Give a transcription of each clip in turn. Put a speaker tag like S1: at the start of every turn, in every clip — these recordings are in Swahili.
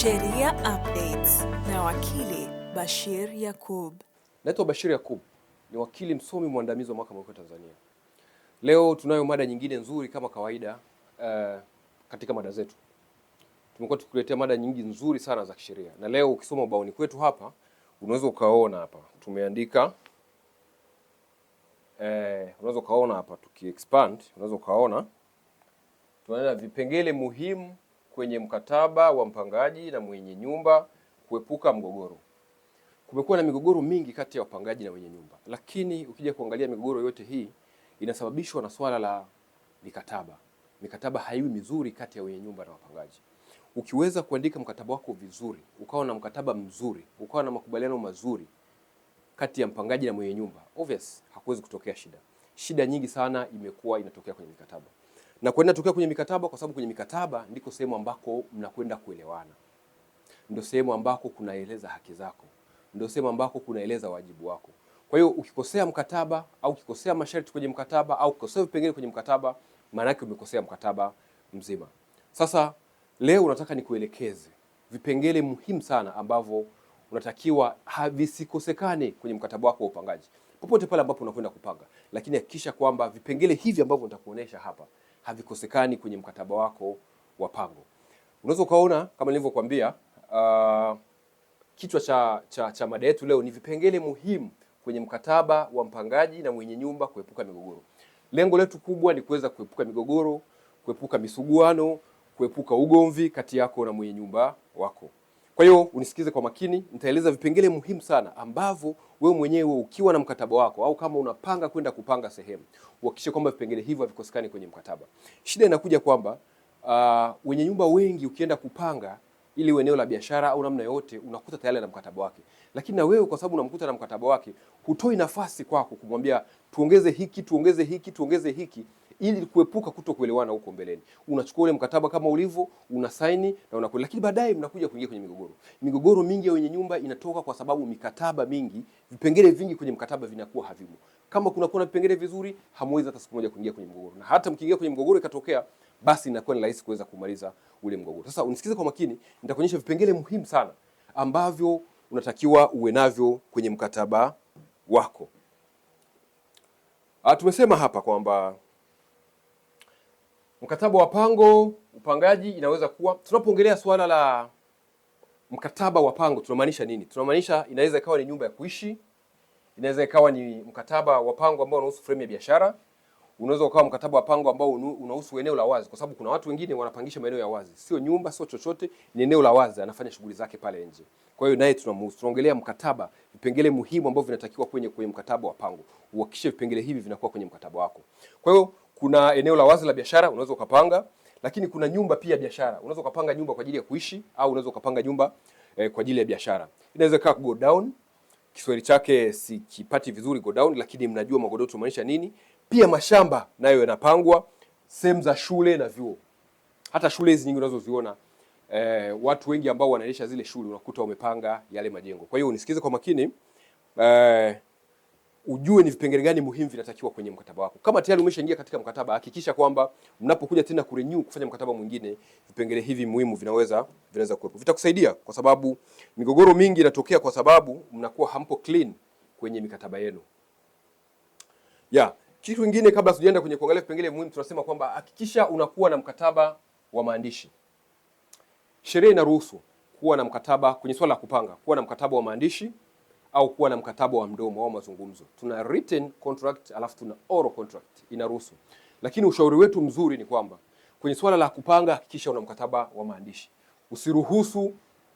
S1: Sheria Updates na wakili Bashir Yakub.
S2: Naitwa Bashir Yakub, ni wakili msomi mwandamizi wa Mahakama Kuu ya Tanzania. Leo tunayo mada nyingine nzuri kama kawaida. Uh, katika mada zetu tumekuwa tukuletea mada nyingi nzuri sana za kisheria, na leo ukisoma ubaoni kwetu hapa unaweza ukaona hapa tumeandika eh, unaweza ukaona hapa expand, unaweza ukaona tunaenda vipengele muhimu kwenye mkataba wa mpangaji na mwenye nyumba kuepuka mgogoro. Kumekuwa na migogoro mingi kati ya wapangaji na wenye nyumba, lakini ukija kuangalia migogoro yote hii inasababishwa na swala la mikataba. Mikataba haiwi mizuri kati ya wenye nyumba na wapangaji. Ukiweza kuandika mkataba wako vizuri, ukawa na mkataba mzuri, ukawa na makubaliano mazuri kati ya mpangaji na mwenye nyumba, obvious hakuwezi kutokea shida. Shida nyingi sana imekuwa inatokea kwenye mikataba na kwenda tukiwa kwenye mikataba, kwa sababu kwenye mikataba ndiko sehemu ambako mnakwenda kuelewana, ndio sehemu ambako kunaeleza haki zako, ndio sehemu ambako kunaeleza wajibu wako. Kwa hiyo ukikosea mkataba au ukikosea masharti kwenye mkataba au ukikosea vipengele kwenye mkataba, maana yake umekosea mkataba mzima. Sasa leo unataka nikuelekeze vipengele muhimu sana ambavyo unatakiwa visikosekane kwenye mkataba wako wa upangaji popote pale ambapo unakwenda kupanga, lakini hakikisha kwamba vipengele hivi ambavyo nitakuonesha hapa havikosekani kwenye mkataba wako wa pango. Unaweza ukaona kama nilivyokuambia, uh, kichwa cha, cha, cha mada yetu leo ni vipengele muhimu kwenye mkataba wa mpangaji na mwenye nyumba kuepuka migogoro. Lengo letu kubwa ni kuweza kuepuka migogoro, kuepuka misuguano, kuepuka ugomvi kati yako na mwenye nyumba wako. Kwa hiyo unisikize kwa makini, nitaeleza vipengele muhimu sana ambavyo wewe mwenyewe ukiwa na mkataba wako au kama unapanga kwenda kupanga sehemu, uhakikishe kwamba vipengele hivyo havikosekani kwenye mkataba. Shida inakuja kwamba uh, wenye nyumba wengi ukienda kupanga ili eneo la biashara au namna yote unakuta tayari na mkataba wake, lakini na wewe kwa sababu unamkuta na mkataba wake, hutoi nafasi kwako kumwambia tuongeze hiki, tuongeze hiki, tuongeze hiki ili kuepuka kuto kuelewana huko mbeleni. Unachukua ule mkataba kama ulivyo, saini na unakwenda, lakini baadaye mnakuja kuingia kwenye migogoro. Migogoro mingi ya wenye nyumba inatoka kwa sababu mikataba mingi, vipengele vingi kwenye mkataba vinakuwa havimo. Kama kuna kuna vipengele vizuri, hamwezi hata siku moja kuingia kwenye mgogoro, na hata mkiingia kwenye mgogoro ikatokea, basi inakuwa ni rahisi kuweza kumaliza ule mgogoro. Sasa unisikize kwa makini, nitakuonyesha vipengele muhimu sana ambavyo unatakiwa uwe navyo kwenye mkataba wako. Ah, tumesema hapa kwamba Mkataba wa pango upangaji inaweza kuwa, tunapoongelea suala la mkataba wa pango tunamaanisha nini? Tunamaanisha inaweza ikawa ni nyumba ya kuishi, inaweza ikawa ni mkataba wa pango ambao unahusu fremu ya biashara, unaweza ukawa mkataba wa pango ambao unahusu eneo la wazi, kwa sababu kuna watu wengine wanapangisha maeneo ya wazi, sio nyumba, sio chochote, ni eneo la wazi, anafanya shughuli zake pale nje. Kwa hiyo naye tunamhusu. Tunaongelea mkataba, vipengele muhimu ambavyo vinatakiwa kwenye kwenye mkataba wa pango, uhakikishe vipengele hivi vinakuwa kwenye mkataba wako. Kwa hiyo kuna eneo la wazi la biashara unaweza ukapanga, lakini kuna nyumba pia biashara. Unaweza ukapanga nyumba kwa ajili ya kuishi au unaweza ukapanga nyumba eh, kwa ajili ya biashara. Inaweza kaa go down, Kiswahili chake sikipati vizuri go down, lakini mnajua magodoto tumaanisha nini. Pia mashamba nayo yanapangwa, sehemu za shule na vyuo. Hata shule hizi nyingi unazoziona eh, watu wengi ambao wanaendesha zile shule unakuta wamepanga yale majengo. Kwa hiyo unisikize kwa makini eh, ujue ni vipengele gani muhimu vinatakiwa kwenye mkataba wako. Kama tayari umeshaingia katika mkataba, hakikisha kwamba mnapokuja tena kurenew kufanya mkataba mwingine, vipengele hivi muhimu vinaweza vinaweza kuwepo, vitakusaidia kwa sababu migogoro mingi inatokea kwa sababu mnakuwa hampo clean kwenye mikataba yenu yeah. Kitu kingine kabla sijaenda kwenye kuangalia vipengele muhimu, tunasema kwamba hakikisha unakuwa na mkataba wa maandishi. Sheria inaruhusu kuwa na mkataba kwenye swala la kupanga, kuwa na mkataba wa maandishi au kuwa na mkataba wa mdomo au mazungumzo. Tuna written contract alafu tuna oral contract inaruhusu, lakini ushauri wetu mzuri ni kwamba kwenye swala la kupanga, hakikisha una mkataba wa maandishi. Usiruhusu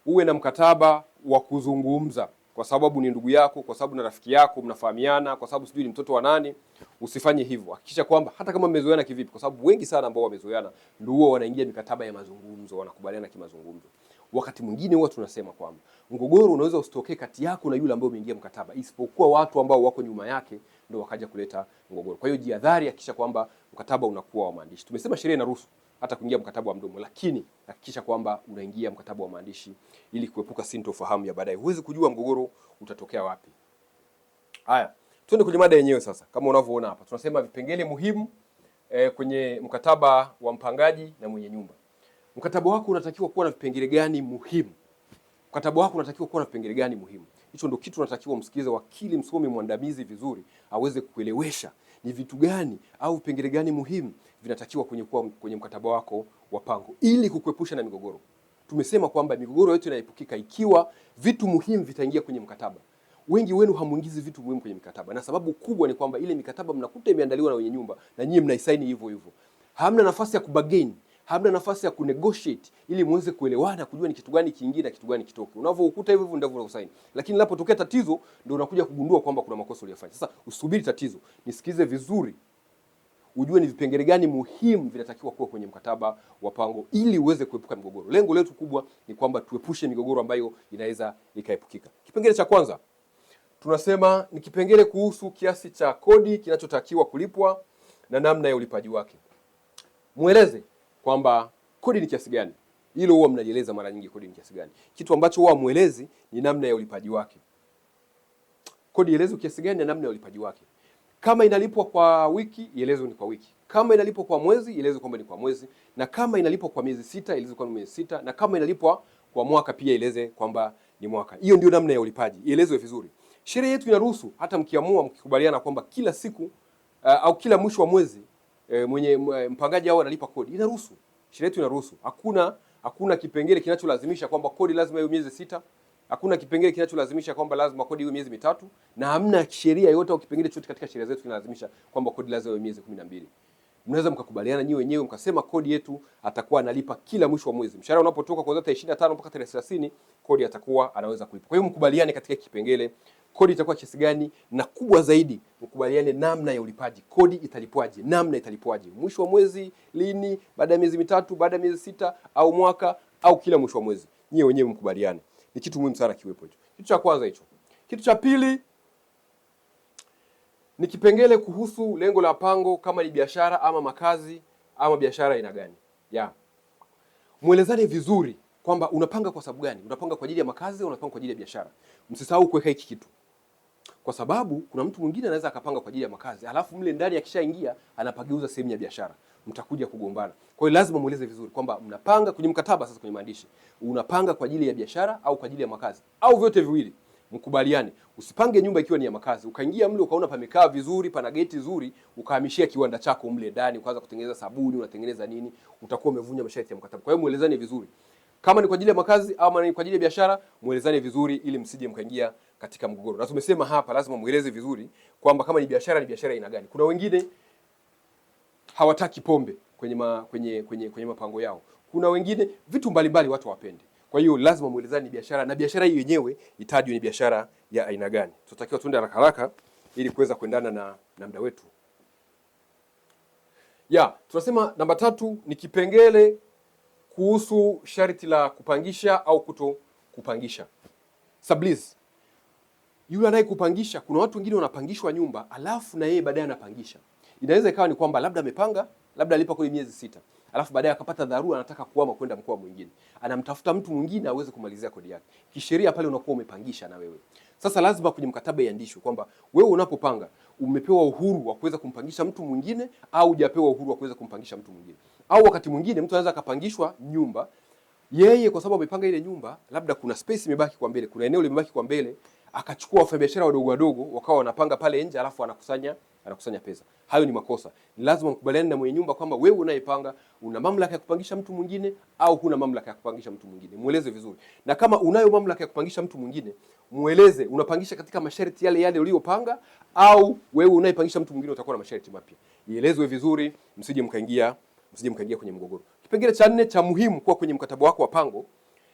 S2: uwe na mkataba wa kuzungumza, kwa sababu ni ndugu yako, kwa sababu na rafiki yako, mnafahamiana, kwa sababu sijui ni mtoto wa nani. Usifanye hivyo, hakikisha kwamba hata kama mmezoeana kivipi, kwa sababu wengi sana ambao wamezoeana ndio wanaingia mikataba ya mazungumzo, wanakubaliana kimazungumzo wakati mwingine huwa tunasema kwamba mgogoro unaweza usitokee kati yako na yule ambaye umeingia mkataba, isipokuwa watu ambao wako nyuma yake ndio wakaja kuleta mgogoro. Kwa hiyo jihadhari, hakikisha kwamba mkataba unakuwa wa maandishi. Tumesema sheria inaruhusu hata kuingia mkataba wa mdomo, lakini hakikisha kwamba unaingia mkataba wa maandishi ili kuepuka sintofahamu ya baadaye. Huwezi kujua mgogoro utatokea wapi. Haya, tuende kwenye mada yenyewe sasa. Kama unavyoona hapa, tunasema vipengele muhimu eh, kwenye mkataba wa mpangaji na mwenye nyumba. Mkataba wako unatakiwa kuwa na vipengele gani muhimu? Mkataba wako unatakiwa kuwa na vipengele gani muhimu? Hicho ndio kitu unatakiwa msikiliza wakili msomi mwandamizi vizuri, aweze kuelewesha ni vitu gani au vipengele gani muhimu vinatakiwa kwenye, kuwa kwenye mkataba wako wa pango ili kukuepusha na migogoro. Tumesema kwamba migogoro yote inaepukika ikiwa vitu muhimu vitaingia kwenye mkataba. Wengi wenu hamuingizi vitu muhimu kwenye mikataba, na sababu kubwa ni kwamba ile mikataba mnakuta imeandaliwa na wenye nyumba na nyinyi mnaisaini hivyo hivyo, hamna nafasi ya kubageni hamna nafasi ya kunegotiate ili muweze kuelewana, kujua ni kitu gani kiingie na kitu gani kitoke. Unavyokuta hivyo hivyo ndivyo unakusaini, lakini linapotokea tatizo ndio unakuja kugundua kwamba kuna makosa uliyofanya. Sasa usubiri tatizo, nisikize vizuri, ujue ni vipengele gani muhimu vinatakiwa kuwa kwenye mkataba wa pango ili uweze kuepuka migogoro. Lengo letu kubwa ni kwamba tuepushe migogoro ambayo inaweza ikaepukika. Kipengele cha kwanza tunasema ni kipengele kuhusu kiasi cha kodi kinachotakiwa kulipwa na namna ya ulipaji wake. Mweleze kwamba kodi ni kiasi gani. Hilo huwa mnajieleza mara nyingi, kodi ni kiasi gani. Kitu ambacho huwa mwelezi ni namna ya ulipaji wake. Kodi ielezwe kiasi gani na namna ya ulipaji wake. Kama inalipwa kwa wiki, ielezwe ni kwa wiki. Kama inalipwa kwa mwezi, ielezwe kwamba ni kwa mwezi, na kama inalipwa kwa miezi sita, ielezwe kwamba miezi sita, na kama inalipwa kwa mwaka pia ieleze kwamba ni mwaka. Hiyo ndio namna ya ulipaji, ielezwe vizuri. Sheria yetu inaruhusu hata mkiamua, mkikubaliana kwamba kila siku uh, au kila mwisho wa mwezi e, mwenye mpangaji au analipa kodi, inaruhusu sheria yetu inaruhusu. Hakuna hakuna kipengele kinacholazimisha kwamba kodi lazima iwe miezi sita. Hakuna kipengele kinacholazimisha kwamba lazima kodi iwe miezi mitatu, na hamna sheria yoyote au kipengele chochote katika sheria zetu kinalazimisha kwamba kodi lazima iwe miezi kumi na mbili. Mnaweza mkakubaliana nyinyi wenyewe mkasema kodi yetu atakuwa analipa kila mwisho wa mwezi, mshahara unapotoka kuanzia tarehe 25 mpaka tarehe 30, kodi atakuwa anaweza kulipa. Kwa hiyo mkubaliane katika kipengele kodi itakuwa kiasi gani, na kubwa zaidi mkubaliane namna ya ulipaji. Kodi italipwaje? Namna italipwaje? mwisho wa mwezi, lini, baada ya miezi mitatu, baada ya miezi sita au mwaka au kila mwisho wa mwezi. Nyie wenyewe mkubaliane, ni kitu muhimu sana kiwepo hicho. Kitu cha kwanza hicho. Kitu cha pili ni kipengele kuhusu lengo la pango, kama ni biashara ama makazi ama biashara aina gani ya mwelezane vizuri kwamba unapanga kwa sababu gani, unapanga kwa ajili ya makazi, au unapanga kwa ajili ya biashara. Msisahau kuweka hiki kitu kwa sababu kuna mtu mwingine anaweza akapanga kwa ajili ya makazi, alafu mle ndani akishaingia anapageuza sehemu ya biashara, mtakuja kugombana. Kwa hiyo lazima mueleze vizuri kwamba mnapanga kwenye mkataba, sasa kwenye maandishi unapanga kwa ajili ya biashara au kwa ajili ya makazi au vyote viwili, mkubaliane. Usipange nyumba ikiwa ni ya makazi, ukaingia mle ukaona pamekaa vizuri, pana geti zuri, ukahamishia kiwanda chako mle ndani, ukaanza kutengeneza sabuni, unatengeneza nini, utakuwa umevunja masharti ya mkataba. Kwa hiyo muelezane vizuri. Kama ni kwa ajili ya makazi ama ni kwa ajili ya biashara, muelezane vizuri, ili msije mkaingia katika mgogoro. Na tumesema hapa, lazima mweleze vizuri kwamba kama ni biashara, ni biashara aina gani. Kuna wengine hawataki pombe kwenye, ma, kwenye, kwenye, kwenye mapango yao. Kuna wengine vitu mbalimbali watu wapende. Kwa hiyo lazima muelezane ni biashara, na biashara hiyo yenyewe itajwe ni biashara ya aina gani. Tutatakiwa tuende haraka haraka ili kuweza kuendana na, na muda wetu. Ya, tunasema namba tatu ni kipengele kuhusu sharti la kupangisha au kuto kupangisha. Sublease, yule anayekupangisha, kuna watu wengine wanapangishwa nyumba alafu na yeye baadaye anapangisha. Inaweza ikawa ni kwamba labda amepanga, labda alipa kwenye miezi sita alafu baadaye akapata dharura, anataka kuhama kwenda mkoa mwingine, anamtafuta mtu mwingine aweze kumalizia kodi yake. Kisheria pale unakuwa umepangisha na wewe sasa, lazima kwenye mkataba iandishwe kwamba wewe unapopanga umepewa uhuru wa kuweza kumpangisha mtu mwingine au hujapewa uhuru wa kuweza kumpangisha mtu mwingine. Au wakati mwingine mtu anaweza akapangishwa nyumba yeye kwa sababu amepanga ile nyumba, labda kuna space imebaki kwa mbele, kuna eneo limebaki kwa mbele, akachukua wafanyabiashara wadogo wadogo wakawa wanapanga pale nje, alafu anakusanya anakusanya pesa. Hayo ni makosa. Ni lazima mkubaliane na mwenye nyumba kwamba wewe unayepanga una mamlaka ya kupangisha mtu mwingine au huna mamlaka ya kupangisha mtu mwingine. Mueleze vizuri, na kama unayo mamlaka ya kupangisha mtu mwingine, mueleze unapangisha katika masharti yale yale uliyopanga, au wewe unayepangisha mtu mwingine utakuwa na masharti mapya. Ielezwe vizuri, msije mkaingia msije mkaingia kwenye mgogoro. Kipengele cha nne cha muhimu kuwa kwenye mkataba wako wa pango,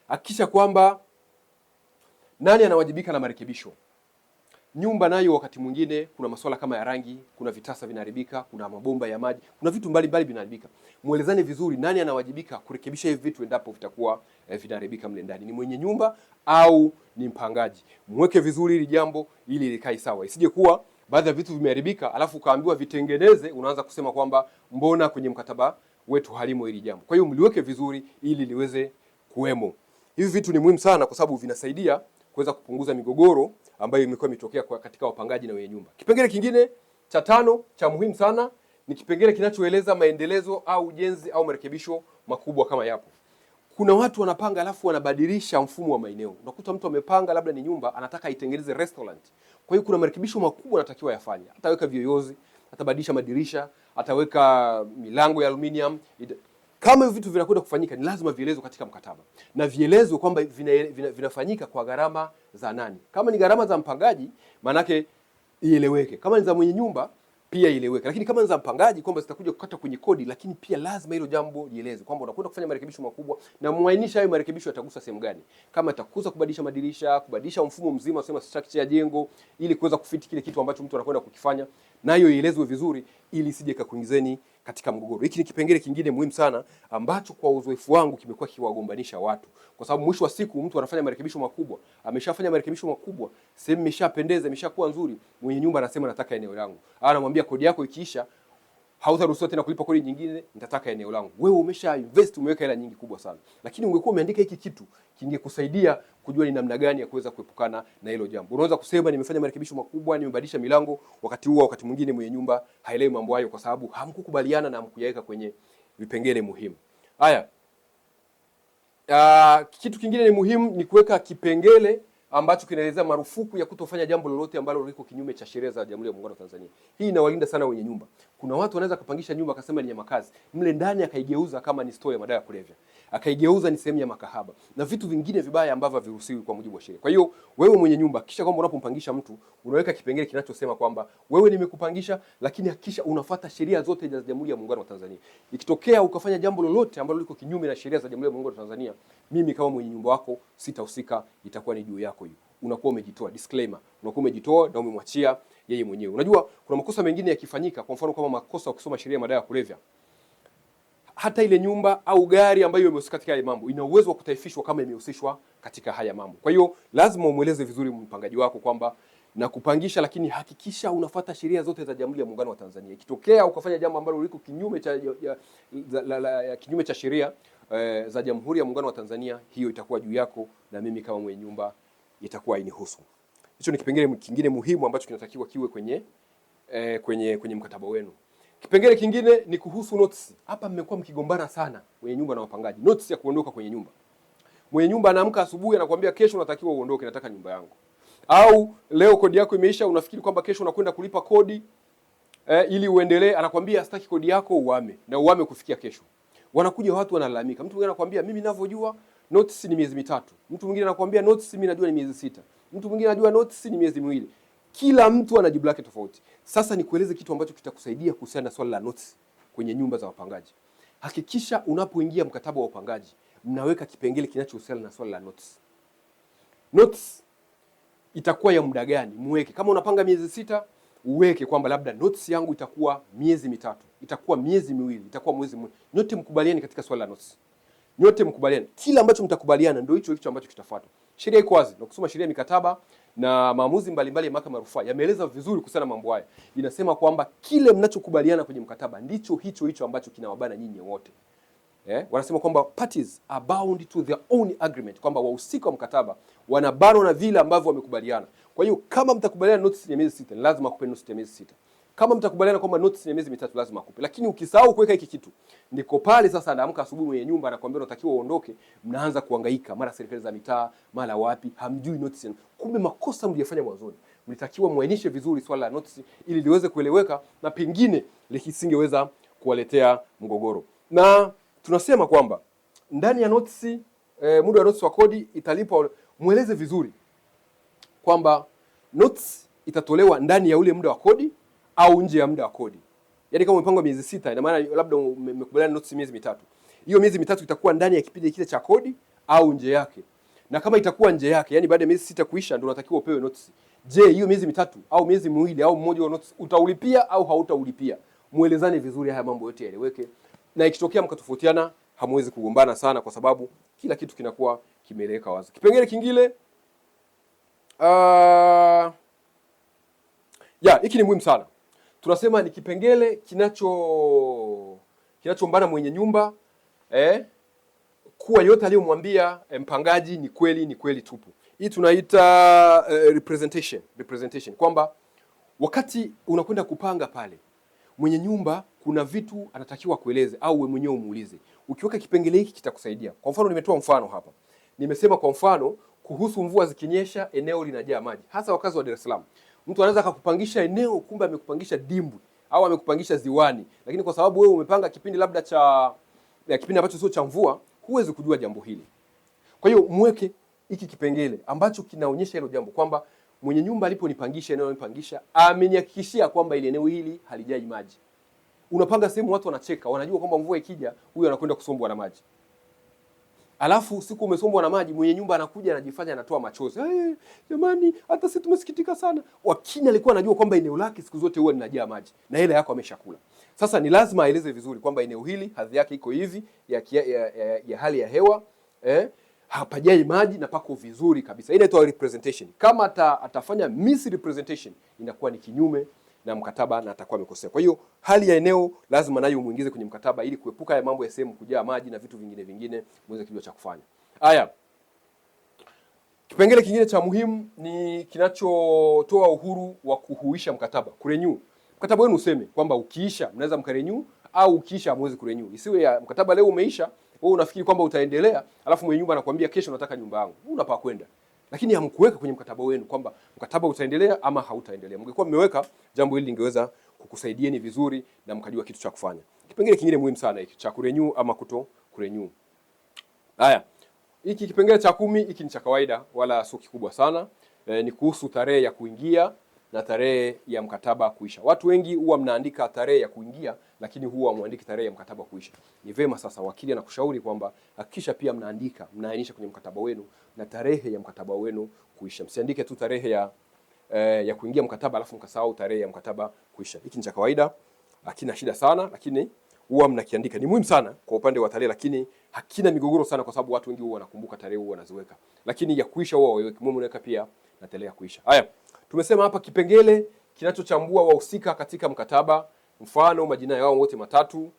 S2: hakikisha kwamba nani anawajibika na marekebisho? Nyumba nayo wakati mwingine kuna masuala kama ya rangi, kuna vitasa vinaharibika, kuna mabomba ya maji, kuna vitu mbalimbali vinaharibika. Mwelezane vizuri nani anawajibika kurekebisha hivi vitu endapo vitakuwa eh, vinaharibika mle ndani. Ni mwenye nyumba au ni mpangaji? Mweke vizuri hili jambo ili likae sawa. Isije kuwa baadhi ya vitu vimeharibika alafu ukaambiwa vitengeneze, unaanza kusema kwamba mbona kwenye mkataba wetu halimo hili jambo. Kwa hiyo mliweke vizuri ili liweze kuwemo. Hivi vitu ni muhimu sana kwa sababu vinasaidia kuweza kupunguza migogoro ambayo imekuwa imetokea katika wapangaji na wenye nyumba. Kipengele kingine cha tano cha muhimu sana ni kipengele kinachoeleza maendelezo au ujenzi au marekebisho makubwa kama yapo. Kuna watu wanapanga alafu wanabadilisha mfumo wa maeneo. Unakuta mtu amepanga labda ni nyumba anataka aitengeneze restaurant. Kwa hiyo kuna marekebisho makubwa anatakiwa yafanye. Ataweka vioyozi, atabadilisha madirisha, ataweka milango ya aluminium. Kama hivi vitu vinakwenda kufanyika, ni lazima vielezwe katika mkataba na vielezwe kwamba vina, vina, vinafanyika kwa gharama za nani. Kama ni gharama za mpangaji, maanake ieleweke. Kama ni za mwenye nyumba pia ieleweke, lakini kama ni za mpangaji kwamba zitakuja kukata kwenye kodi, lakini pia lazima hilo jambo lielezwe kwamba unakwenda kufanya marekebisho makubwa, na muainisha hayo marekebisho yatagusa sehemu gani, kama atakuza kubadilisha madirisha, kubadilisha mfumo mzima, sema structure ya jengo, ili kuweza kufiti kile kitu ambacho mtu anakwenda kukifanya, nayo ielezwe vizuri, ili sije kakuingizeni katika mgogoro. Hiki ni kipengele kingine muhimu sana ambacho kwa uzoefu wangu kimekuwa kiwagombanisha watu, kwa sababu mwisho wa siku mtu anafanya marekebisho makubwa, ameshafanya marekebisho makubwa, sehemu imeshapendeza, imeshakuwa nzuri, mwenye nyumba anasema nataka eneo langu, anamwambia kodi yako ikiisha hautaruhusiwa tena kulipa kodi nyingine, nitataka eneo langu. Wewe umesha invest, umeweka hela nyingi kubwa sana, lakini ungekuwa umeandika hiki kitu, kingekusaidia kujua ni namna gani ya kuweza kuepukana na hilo jambo. Unaweza kusema nimefanya marekebisho makubwa, nimebadilisha milango, wakati huo, wakati mwingine mwenye nyumba haelewi mambo hayo, kwa sababu hamkukubaliana na hamkuyaweka kwenye vipengele muhimu haya. Uh, kitu kingine ni muhimu ni kuweka kipengele ambacho kinaelezea marufuku ya kutofanya jambo lolote ambalo liko kinyume cha sheria za Jamhuri ya Muungano wa Tanzania. Hii inawalinda sana wenye nyumba kuna watu wanaweza kupangisha nyumba akasema ni ya makazi, mle ndani akaigeuza kama ni store ya madawa ya kulevya, akaigeuza ni sehemu ya makahaba na vitu vingine vibaya ambavyo haviruhusiwi kwa mujibu wa sheria. Kwa hiyo wewe mwenye nyumba, kisha kwamba unapompangisha mtu unaweka kipengele kinachosema kwamba wewe nimekupangisha, lakini hakikisha unafuata sheria zote za Jamhuri ya Muungano wa Tanzania. Ikitokea ukafanya jambo lolote ambalo liko kinyume na sheria za Jamhuri ya Muungano wa Tanzania, mimi kama mwenye nyumba wako sitahusika, itakuwa ni juu yako hiyo. Unakuwa umejitoa, disclaimer, unakuwa umejitoa na umemwachia yeye mwenyewe. Unajua kuna makosa mengine yakifanyika, kwa mfano kama makosa ya kusoma sheria ya madawa ya kulevya, hata ile nyumba au gari ambayo imehusika katika haya mambo ina uwezo wa kutaifishwa kama imehusishwa katika haya mambo. Kwa hiyo lazima umweleze vizuri mpangaji wako kwamba na kupangisha, lakini hakikisha unafata sheria zote za Jamhuri ya Muungano wa Tanzania. Ikitokea ukafanya jambo ambalo liko kinyume cha ya, ya, la, la, kinyume cha sheria eh, za Jamhuri ya Muungano wa Tanzania, hiyo itakuwa juu yako, na mimi kama mwenye nyumba itakuwa inihusu. Hicho ni kipengele kingine muhimu ambacho kinatakiwa kiwe kwenye eh, kwenye kwenye mkataba wenu. Kipengele kingine ni kuhusu notice. Hapa mmekuwa mkigombana sana wenye nyumba na wapangaji. Notice ya kuondoka kwenye nyumba. Mwenye nyumba anaamka asubuhi anakuambia kesho unatakiwa uondoke, nataka nyumba yangu. Au leo kodi yako imeisha, unafikiri kwamba kesho unakwenda kulipa kodi eh, ili uendelee, anakuambia sitaki kodi yako uame na uame kufikia kesho. Wanakuja watu wanalalamika. Mtu mwingine anakuambia mimi ninavyojua notice ni miezi mitatu. Mtu mwingine anakuambia notice mimi najua ni miezi sita mtu mwingine anajua notes ni miezi miwili. Kila mtu ana jibu lake tofauti. Sasa nikueleze kitu ambacho kitakusaidia kuhusiana na swala la notes kwenye nyumba za wapangaji. Hakikisha unapoingia mkataba wa upangaji mnaweka kipengele kinachohusiana na swala la notes. Notes itakuwa ya muda gani? Muweke kama unapanga miezi sita, uweke kwamba labda notes yangu itakuwa miezi mitatu, itakuwa miezi miwili, itakuwa mwezi mmoja. Nyote mkubaliane katika swala la notes, nyote mkubaliane. Kila ambacho mtakubaliana ndio hicho hicho ambacho kitafuatwa. Sheria iko wazi na kusoma sheria ya mikataba na maamuzi mbalimbali ya mahakama ya rufaa yameeleza vizuri kuhusiana mambo haya. Inasema kwamba kile mnachokubaliana kwenye mkataba ndicho hicho hicho ambacho kinawabana nyinyi wote. Eh, wanasema kwamba parties are bound to their own agreement, kwamba wahusika wa mkataba wanabanwa na vile ambavyo wamekubaliana. Kwa hiyo kama mtakubaliana notice ya miezi sita, lazima kupeni notice ya miezi sita kama mtakubaliana kwamba notice ya miezi mitatu lazima akupe, lakini ukisahau kuweka hiki kitu, ndiko pale sasa. Anaamka asubuhi mwenye nyumba anakuambia unatakiwa uondoke, mnaanza kuhangaika, mara serikali za mitaa, mara wapi, hamjui notice Kumbe makosa mliyofanya mwanzoni, mlitakiwa mwainishe vizuri swala la notice ili liweze kueleweka na pengine lisingeweza kuwaletea mgogoro. Na tunasema kwamba ndani ya notice e, muda wa notice wa kodi italipwa, mweleze vizuri kwamba notice itatolewa ndani ya ule muda wa kodi au nje ya muda wa kodi. Yaani kama umepangwa miezi sita, ina maana labda umekubaliana notes miezi mitatu, hiyo miezi mitatu itakuwa ndani ya kipindi kile cha kodi au nje yake. Na kama itakuwa nje yake, yani baada ya miezi sita kuisha, ndio unatakiwa upewe notes. Je, hiyo miezi mitatu au miezi miwili au mmoja wa notes utaulipia au hautaulipia? Muelezane vizuri, haya mambo yote yaeleweke, na ikitokea mkatofautiana, hamwezi kugombana sana, kwa sababu kila kitu kinakuwa kimeeleweka wazi. Kipengele kingine uh... ya hiki ni muhimu sana tunasema ni kipengele kinacho kinachombana mwenye nyumba eh, kuwa yote aliyomwambia eh, mpangaji ni kweli, ni kweli tupu. Hii tunaita uh, representation, representation kwamba wakati unakwenda kupanga pale mwenye nyumba kuna vitu anatakiwa kueleze au wewe mwenyewe umuulize. Ukiweka kipengele hiki kitakusaidia. Kwa mfano, nimetoa mfano hapa, nimesema kwa mfano kuhusu mvua zikinyesha eneo linajaa maji, hasa wakazi wa Dar es Salaam. Mtu anaweza akakupangisha eneo, kumbe amekupangisha dimbwi au amekupangisha ziwani, lakini kwa sababu wewe umepanga kipindi labda cha ya eh, kipindi ambacho sio cha mvua, huwezi kujua jambo hili. Kwa hiyo mweke hiki kipengele ambacho kinaonyesha hilo jambo kwamba mwenye nyumba aliponipangisha eneo alipangisha, amenihakikishia kwamba ile eneo hili halijai maji. Unapanga sehemu watu wanacheka, wanajua kwamba mvua ikija, huyo anakwenda kusombwa na maji. Alafu siku umesombwa na maji, mwenye nyumba anakuja anajifanya anatoa machozi, hey, eh, jamani, hata sisi tumesikitika sana. Wakini alikuwa anajua kwamba eneo lake siku zote huwa linajaa maji na hela yako ameshakula. Sasa ni lazima aeleze vizuri kwamba eneo hili hadhi yake iko hivi ya, ya, ya, ya hali ya hewa eh, hapajai maji na pako vizuri kabisa. Ile inaitwa representation. Kama ata, atafanya misrepresentation inakuwa ni kinyume na mkataba na atakuwa amekosea. Kwa hiyo hali ya eneo lazima nayo muingize kwenye mkataba ili kuepuka ya mambo ya sehemu kujaa maji na vitu vingine vingine, muweze kujua cha kufanya. Haya, kipengele kingine cha muhimu ni kinachotoa uhuru wa kuhuisha mkataba, kurenew mkataba wenu. Useme kwamba ukiisha mnaweza mkarenew au ukiisha hamwezi kurenew. Isiwe ya mkataba leo umeisha, wewe unafikiri kwamba utaendelea, alafu mwenye nyumba anakuambia kesho nataka nyumba yangu, unapaa kwenda lakini hamkuweka kwenye mkataba wenu kwamba mkataba utaendelea ama hautaendelea. Mngekuwa mmeweka jambo hili lingeweza kukusaidieni vizuri na mkajua kitu cha kufanya. Kipengele kingine muhimu sana hiki cha kurenew ama kuto kurenew. Haya, hiki kipengele cha kumi hiki ni cha kawaida, wala sio kikubwa sana. E, ni kuhusu tarehe ya kuingia na tarehe ya mkataba kuisha. Watu wengi huwa mnaandika tarehe ya kuingia, lakini huwa hamwandiki tarehe ya mkataba kuisha. Ni vema sasa wakili anakushauri kwamba hakikisha pia mnaandika, mnaainisha kwenye mkataba wenu na tarehe ya mkataba wenu kuisha. Msiandike tu tarehe ya eh, ya kuingia mkataba alafu mkasahau tarehe ya mkataba kuisha. Hiki ni cha kawaida, hakina shida sana, lakini huwa mnakiandika. Ni muhimu sana kwa upande wa tarehe, lakini hakina migogoro sana, kwa sababu watu wengi huwa wanakumbuka tarehe, huwa wanaziweka, lakini ya kuisha huwa waweki, unaweka pia na tarehe ya kuisha. Haya. Tumesema hapa kipengele kinachochambua wahusika katika mkataba, mfano majina yao wote matatu,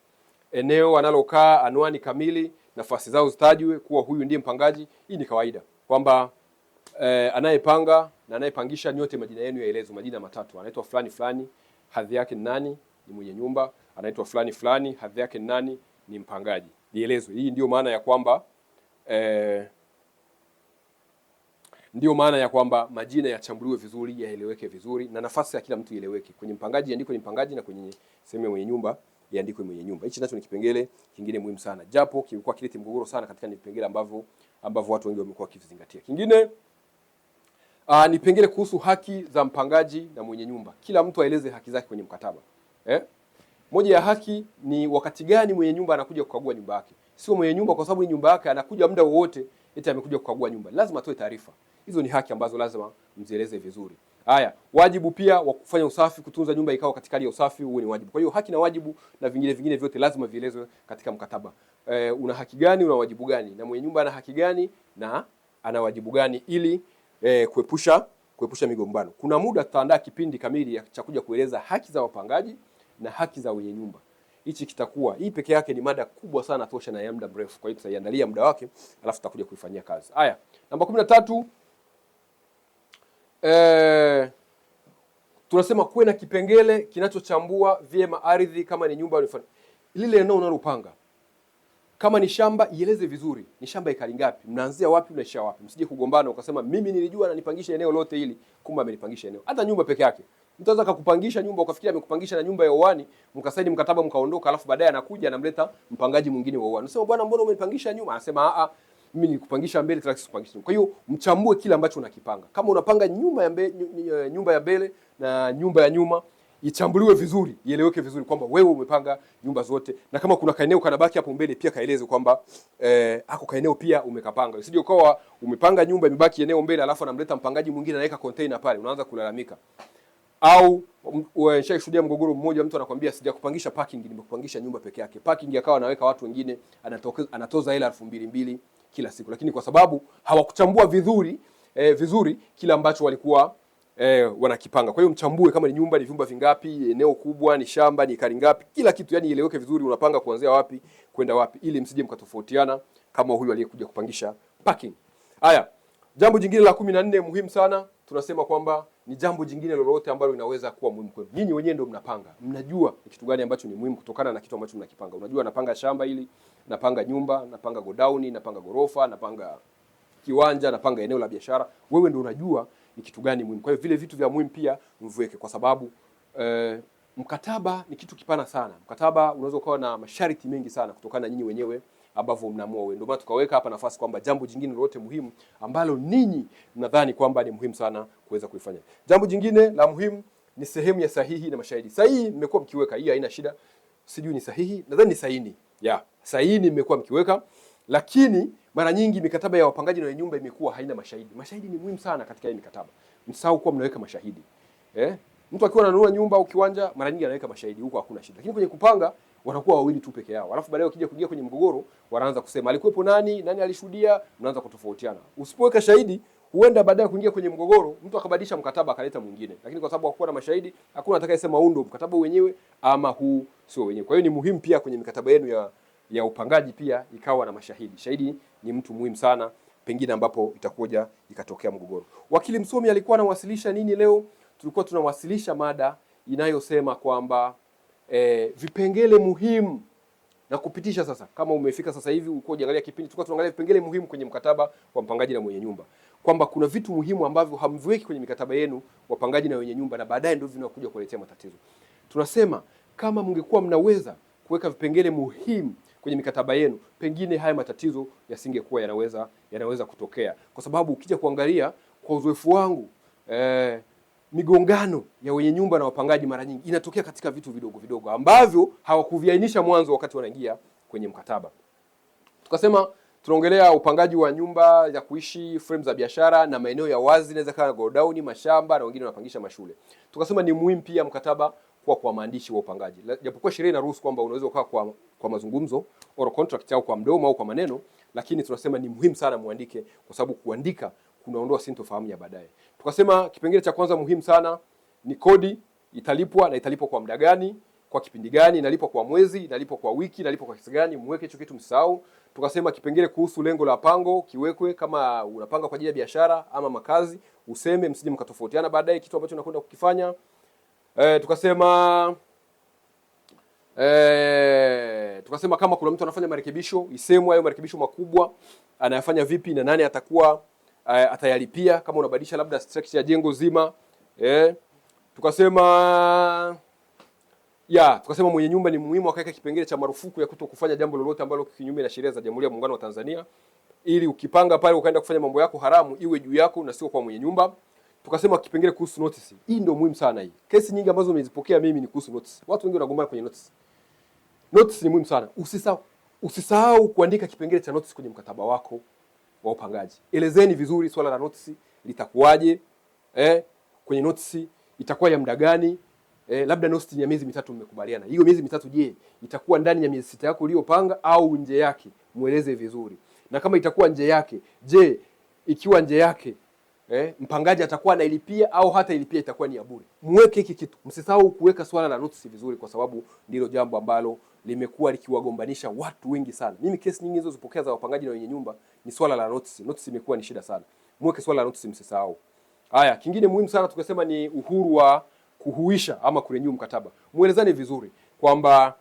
S2: eneo analokaa, anwani kamili, nafasi zao zitajwe kuwa huyu ndiye mpangaji. Hii ni kawaida kwamba eh, anayepanga na anayepangisha nyote majina yenu yaelezwe, majina matatu. Anaitwa fulani fulani, hadhi yake ni nani? Ni mwenye nyumba. Anaitwa fulani fulani, hadhi yake ni nani? Ni mpangaji. Nielezwe. Hii ndio maana ya kwamba eh, Ndiyo maana ya kwamba majina yachambuliwe vizuri, yaeleweke vizuri, na nafasi ya kila mtu ieleweke. Kwenye mpangaji iandikwe ni mpangaji, na kwenye sehemu ya mwenye nyumba iandikwe mwenye nyumba. Hichi nacho ni kipengele kingine muhimu sana, japo kilikuwa kileti mgogoro sana katika ni vipengele ambavyo ambavyo watu wengi wamekuwa wakivizingatia. Kingine aa, ah, ni pengele kuhusu haki za mpangaji na mwenye nyumba. Kila mtu aeleze haki zake kwenye mkataba eh? Moja ya haki ni wakati gani mwenye nyumba anakuja kukagua nyumba yake. Sio mwenye nyumba kwa sababu ni nyumba yake, anakuja muda wowote eti amekuja kukagua nyumba, lazima atoe taarifa. Hizo ni haki ambazo lazima mzieleze vizuri. Haya, wajibu pia wa kufanya usafi, kutunza nyumba ikawa katika hali ya usafi, huo ni wajibu. Kwa hiyo haki na wajibu na vingine vingine vyote lazima vielezwe katika mkataba. E, una haki gani, una wajibu gani, na mwenye nyumba ana haki gani na ana wajibu gani, ili e, kuepusha kuepusha migombano. Kuna muda tutaandaa kipindi kamili cha kuja kueleza haki za wapangaji na haki za wenye nyumba. Hichi kitakuwa hii peke yake ni mada kubwa sana tosha na ya muda mrefu, kwa hiyo tutaiandalia muda wake, alafu tutakuja kuifanyia kazi. Haya, namba 13 eh, tunasema kuwe na kipengele kinachochambua vyema ardhi, kama ni nyumba lile eneo unalopanga kama ni shamba ieleze vizuri, ni shamba ikali ngapi, mnaanzia wapi, mnaishia wapi, msije kugombana ukasema mimi nilijua ananipangisha eneo lote hili, kumbe amenipangisha eneo. Hata nyumba peke yake, mtu anaweza kukupangisha nyumba ukafikiri amekupangisha na nyumba ya uani, mkasaini mkataba mkaondoka, alafu baadaye anakuja anamleta mpangaji mwingine wa uani, unasema bwana, mbona umenipangisha nyumba? Anasema a a, mimi nilikupangisha mbele, kupangisha. Kwa hiyo mchambue kile ambacho unakipanga. Kama unapanga nyumba ya mbele, eh, nyumba ya mbele na nyumba ya nyuma ichambuliwe vizuri, ieleweke vizuri kwamba wewe umepanga nyumba zote, na kama kuna kaeneo kanabaki hapo mbele pia kaeleze kwamba eh, ako kaeneo pia umekapanga. Usije ukawa umepanga nyumba imebaki eneo mbele, alafu anamleta mpangaji mwingine anaweka container pale, unaanza kulalamika. Au nishashuhudia mgogoro mmoja, mtu anakwambia sijakupangisha parking, nimekupangisha nyumba peke yake. Parking akawa anaweka watu wengine, anatoza hela elfu mbili mbili kila siku, lakini kwa sababu hawakuchambua vizuri eh, vizuri kila ambacho walikuwa eh, wanakipanga. Kwa hiyo mchambue, kama ni nyumba ni vyumba vingapi, eneo kubwa ni shamba, ni ekari ngapi, kila kitu yani ieleweke vizuri, unapanga kuanzia wapi kwenda wapi, ili msije mkatofautiana kama huyu aliyekuja kupangisha parking. Haya, jambo jingine la kumi na nne muhimu sana tunasema kwamba ni jambo jingine lolote ambalo linaweza kuwa muhimu kwenu. Nyinyi wenyewe ndio mnapanga, mnajua ni kitu gani ambacho ni muhimu kutokana na kitu ambacho mnakipanga. Unajua, napanga shamba hili, napanga nyumba, napanga godauni, napanga gorofa, napanga kiwanja, napanga eneo la biashara. Wewe ndio unajua ni kitu gani muhimu. Kwa hiyo vile vitu vya muhimu pia mviweke, kwa sababu eh, mkataba ni kitu kipana sana. Mkataba unaweza ukawa na masharti mengi sana kutokana na nyinyi wenyewe ambavyo mnaamua wewe. Ndio maana tukaweka hapa nafasi kwamba jambo jingine lolote muhimu ambalo ninyi mnadhani kwamba ni muhimu sana kuweza kuifanya. Jambo jingine la muhimu ni sehemu ya sahihi na mashahidi. Sahihi mmekuwa mkiweka, hii haina shida. Sijui ni sahihi, nadhani ni saini. Ya, saini mmekuwa mkiweka lakini mara nyingi mikataba ya wapangaji na nyumba imekuwa haina mashahidi. Mashahidi ni muhimu sana katika hii mikataba, msahau kuwa mnaweka mashahidi eh? Mtu akiwa ananunua nyumba au kiwanja, mara nyingi anaweka mashahidi, huko hakuna shida, lakini kwenye kupanga watakuwa wawili tu peke yao, alafu baadaye wakija kuingia kwenye mgogoro wanaanza kusema alikuwepo nani nani alishuhudia, mnaanza kutofautiana. Usipoweka shahidi, huenda baadaye kuingia kwenye mgogoro mtu akabadilisha mkataba akaleta mwingine, lakini kwa sababu hakuwa na mashahidi, hakuna atakayesema huu ndio mkataba wenyewe ama huu sio wenyewe. Kwa hiyo ni muhimu pia kwenye mikataba yenu ya ya upangaji pia ikawa na mashahidi. Shahidi ni mtu muhimu sana, pengine ambapo itakuja ikatokea mgogoro. Wakili msomi alikuwa anawasilisha nini leo? Tulikuwa tunawasilisha mada inayosema kwamba e, vipengele muhimu na kupitisha sasa. Kama umefika sasa hivi uko unaangalia kipindi, tulikuwa tunaangalia vipengele muhimu kwenye mkataba wa mpangaji na mwenye nyumba, kwamba kuna vitu muhimu ambavyo hamviweki kwenye mikataba yenu wapangaji na wenye nyumba, na baadaye ndio vinakuja kuletea matatizo. Tunasema kama mngekuwa mnaweza kuweka vipengele muhimu kwenye mikataba yenu, pengine haya matatizo yasingekuwa yanaweza yanaweza kutokea, kwa sababu ukija kuangalia kwa uzoefu wangu eh, migongano ya wenye nyumba na wapangaji mara nyingi inatokea katika vitu vidogo vidogo ambavyo hawakuviainisha mwanzo wakati wanaingia kwenye mkataba. Tukasema tunaongelea upangaji wa nyumba za kuishi, frame za biashara na maeneo ya wazi, inaweza kuwa godown, mashamba na wengine wanapangisha mashule. Tukasema ni muhimu pia mkataba kuwa kwa maandishi wa upangaji, japokuwa sheria inaruhusu kwamba unaweza ukawa kwa, kwa mazungumzo oral contract au kwa mdomo au kwa maneno, lakini tunasema ni muhimu sana muandike, kwa sababu kuandika kunaondoa sintofahamu ya baadaye. Tukasema kipengele cha kwanza muhimu sana ni kodi italipwa na italipwa kwa muda gani, kwa kipindi gani, inalipwa kwa mwezi, inalipwa kwa wiki, inalipwa kwa kiasi gani, muweke hicho kitu msahau. Tukasema kipengele kuhusu lengo la pango kiwekwe, kama unapanga kwa ajili ya biashara ama makazi useme, msije mkatofautiana baadaye kitu ambacho unakwenda kukifanya. E, tukasema e, tukasema kama kuna mtu anafanya marekebisho isemwe hayo marekebisho makubwa anayafanya vipi na nani atakuwa Eh, atayalipia kama unabadilisha labda structure ya jengo zima eh. Tukasema ya tukasema mwenye nyumba ni muhimu akaweka kipengele cha marufuku ya kuto kufanya jambo lolote ambalo kinyume na sheria za Jamhuri ya Muungano wa Tanzania, ili ukipanga pale ukaenda kufanya mambo yako haramu iwe juu yako na sio kwa mwenye nyumba. Tukasema kipengele kuhusu notice. Hii ndio muhimu sana hii. Kesi nyingi ambazo nimezipokea mimi ni kuhusu notice. Watu wengi wanagombana kwenye notice. Notice ni muhimu sana. Usisahau usisahau kuandika kipengele cha notice kwenye mkataba wako wa upangaji. Elezeni vizuri swala la notisi litakuwaje, eh, kwenye notisi itakuwa ya muda gani? Eh, labda notisi ya miezi mitatu mmekubaliana. Hiyo miezi mitatu je, itakuwa ndani ya miezi sita yako uliyopanga au nje yake? Mweleze vizuri. Na kama itakuwa nje yake, je, ikiwa nje yake eh, mpangaji atakuwa anailipia au hata ilipia itakuwa ni ya bure. Mweke hiki kitu, msisahau kuweka swala la notice vizuri, kwa sababu ndilo jambo ambalo limekuwa likiwagombanisha watu wengi sana. Mimi kesi nyingi hizo zipokea za wapangaji na wenye nyumba ni swala la notice. Notice imekuwa ni shida sana, mweke swala la notice, msisahau. Haya, kingine muhimu sana tukasema ni uhuru wa kuhuisha ama kurenew mkataba. Muelezane vizuri kwamba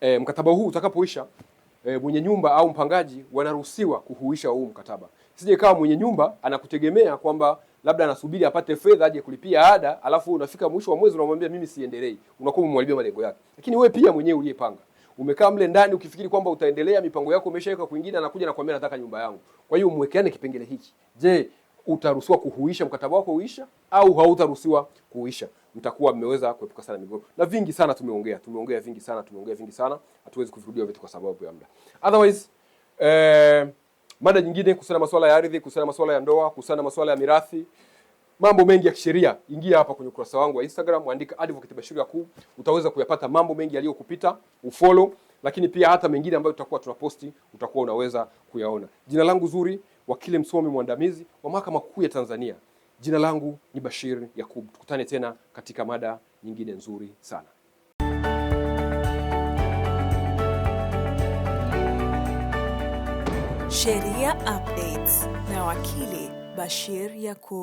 S2: e, mkataba huu utakapoisha, e, mwenye nyumba au mpangaji wanaruhusiwa kuhuisha huu mkataba sije kawa mwenye nyumba anakutegemea kwamba labda anasubiri apate fedha aje kulipia ada, alafu unafika mwisho wa mwezi unamwambia mimi siendelei, unakuwa umemharibia malengo yake. Lakini wewe pia mwenyewe uliyepanga umekaa mle ndani ukifikiri kwamba utaendelea, mipango yako umeshaweka kwingine, anakuja nakwambia nataka nyumba yangu. Kwa hiyo umwekeane kipengele hichi. Je, utaruhusiwa kuhuisha mkataba wako uisha au hautaruhusiwa kuisha? Mtakuwa mmeweza kuepuka sana migogoro na vingi sana. Tumeongea tumeongea vingi sana tumeongea vingi sana, hatuwezi kuvirudia vitu kwa sababu ya muda, otherwise eh mada nyingine kuhusiana na masuala ya ardhi, kuhusiana na masuala ya ndoa, kuhusiana na masuala ya mirathi, mambo mengi ya kisheria. Ingia hapa kwenye ukurasa wangu wa Instagram, andika Advocate Bashiri Yakub, utaweza kuyapata mambo mengi yaliyokupita, ufollow, lakini pia hata mengine ambayo tutakuwa tunaposti utakuwa unaweza kuyaona. Jina langu zuri, wakili msomi mwandamizi wa Mahakama Kuu ya Tanzania. Jina langu ni Bashir Yakub. Tukutane tena katika mada nyingine nzuri sana. Sheria Updates na wakili Bashir Yakub.